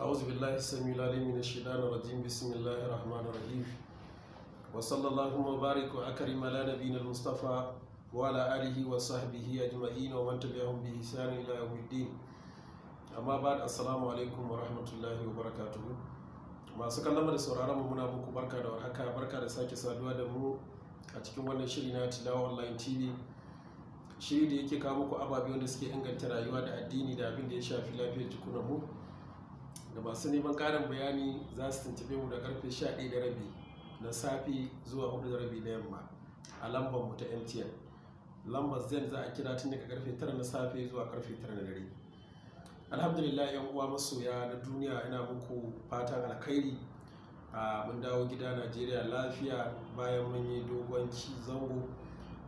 أعوذ بالله السميع العليم من الشيطان الرجيم بسم الله الرحمن الرحيم وصلى الله وبارك وأكرم على نبينا المصطفى وعلى آله وصحبه أجمعين ومن تبعهم بإحسان إلى يوم الدين amma ba da assalamu alaikum wa rahmatullahi wa barakatuhu masu kallon da sauraron mu muna muku barka da warhaka barka da sake saduwa da mu a cikin wannan shiri na tilawa online tv shi da yake kawo muku ababe da suke inganta rayuwa da addini da abin da ya shafi lafiyar jikunan mu da masu neman karin bayani za su tuntube mu da karfe 11 na safi zuwa 4 na yamma a lambar mu ta MTN lambar zen za a kira tun daga karfe 9 na safe zuwa karfe 9 na dare alhamdulillah yan uwa masoya na duniya ina muku fatan alkhairi a ah, mun dawo gida najeriya lafiya bayan mun yi dogon ci zango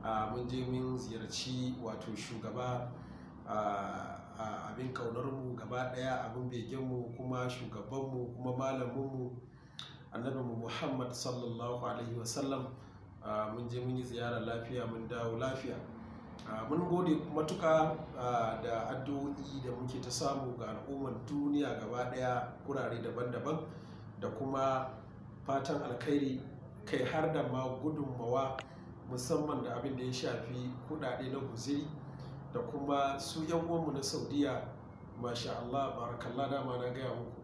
mun je mun ziyarci wato shugaba abin kaunarmu gaba daya abin begenmu kuma shugabanmu kuma malaminmu mu muhammad sallallahu alaihi wasallam mun je mun yi ziyara lafiya mun dawo lafiya mun gode matuka da addu'o'i da muke ta samu ga al'ummar duniya gaba daya kurare daban-daban da kuma fatan alkhairi kai har da ma gudunmawa musamman da abin da ya shafi kudade na guziri da kuma su yan uwanmu na saudiya masha Allah kalla dama na gaya muku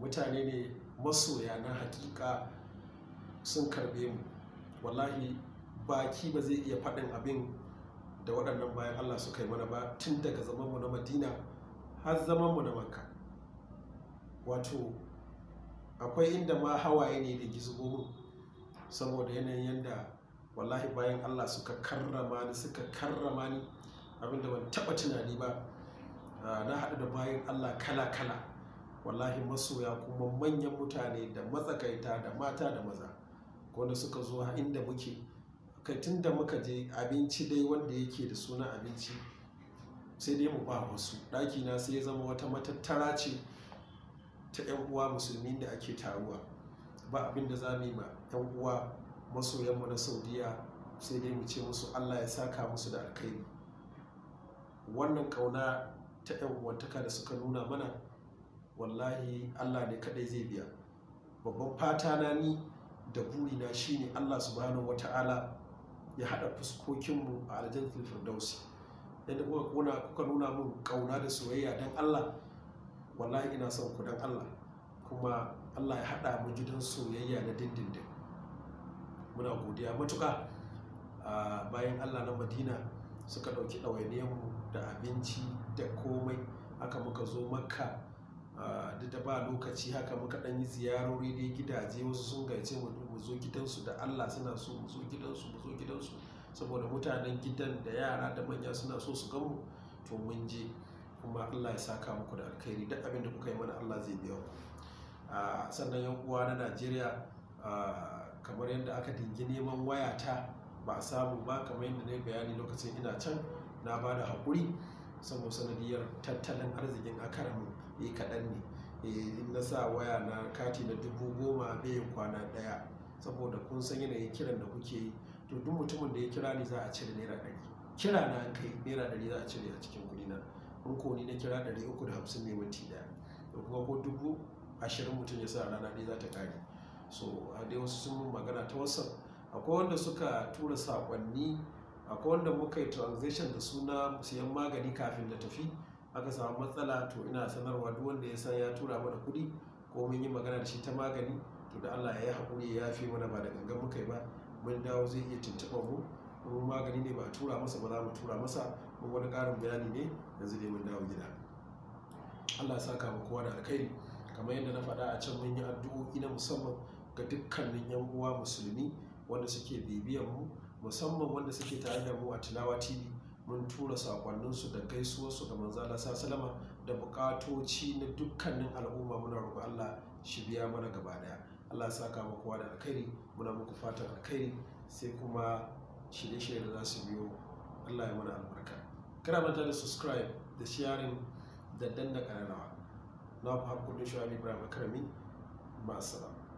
mutane ne masoya na hakika sun karbe mu wallahi baki ba zai iya faɗin abin da waɗannan bayan Allah suka yi mana ba tun daga zamanmu na madina har zamanmu na makka wato akwai inda ma hawaye ne da gizo saboda yanayin yadda wallahi bayan Allah suka karrama ni suka karrama ni abinda ban taba tunani ba ah, na haɗu da bayan Allah kala kala wallahi masoya kuma manyan mutane da matsakaita da mata da maza wanda suka zo inda muke kai tun da muka je abinci dai wanda yake da suna abinci sai dai mu ba wasu ɗaki na sai ya zama wata matattara ce ta 'yan uwa musulmi da ake taruwa ba abin da za mu yi ma 'yan uwa masoyanmu na saudiya sai dai mu ce musu allah ya saka musu da alkhairi wannan kauna ta yan uwantaka da suka nuna mana wallahi allah ne kadai zai biya babban fata na ni da buri shi shine allah subhanahu wata'ala ya hada fuskokinmu a aljannatul firdausi yadda kuka nuna mun kauna da soyayya don allah wallahi ina son ku don allah kuma allah ya hada mu gidan soyayya na dindindin muna godiya matuka bayan allah na madina suka ɗauki mu da abinci da komai haka muka zo makka duk da ba lokaci haka muka ɗan yi ziyarori dai gidaje wasu sun gaice mu zo gidansu da allah suna so mu zo gidansu mu zo gidansu saboda mutanen gidan da yara da manya suna so su gamu to mun je kuma allah ya saka muku da alkhairi duk abin da kuka yi mana allah zai biya ku sannan yan uwa na najeriya kamar yadda aka dingi neman wayata ba a samu ba kamar yadda na yi bayani lokacin ina can na ba da haƙuri saboda sanadiyar tattalin arzikin akaramu ya kaɗan ne eh, in na sa waya na kati na dubu goma bayan kwana ɗaya saboda kun san yanayin kiran da kuke yi to duk mutumin da ya kira ni za a cire naira ɗari kira na kai naira ɗari za a cire a cikin kuɗi na in ko ni na kira ɗari uku da hamsin ne minti ɗaya da kuma ko dubu ashirin mutum ya sa rana ɗaya za ta ƙare so a dai wasu sun magana ta wasan akwai wanda suka tura sakonni akwai wanda muka yi transition da suna siyan magani kafin da tafi aka samu matsala to ina sanarwa duk wanda ya san ya tura mana kuɗi ko mun yi magana da shi ta magani to da Allah ya yi haƙuri ya yafe mana ba da gangan muka yi ba mun dawo zai iya tuntuɓar mu mun magani ne ba a tura masa ba za mu tura masa mun wani ƙarin bayani ne yanzu dai mun dawo gida Allah ya saka mu kowa da alkhairi kamar yadda na faɗa a can mun yi addu'o'i na musamman ga dukkanin yan uwa musulmi wanda suke bibiyan mu musamman wanda suke tare da mu a tilawa tv mun tura sakonninsu da gaisuwarsu ga manzala salama da bukatoci na dukkanin al'umma muna roƙo allah shi biya mana gaba daya allah saka mu kowa da alkhairi muna muku fatan alkhairi sai kuma shirye-shirye da za su biyo allah ya mana albarka kana manta da subscribe da sharing da danna kararrawa na fi hakkudin shuwa ibrahim akarami ma'asalam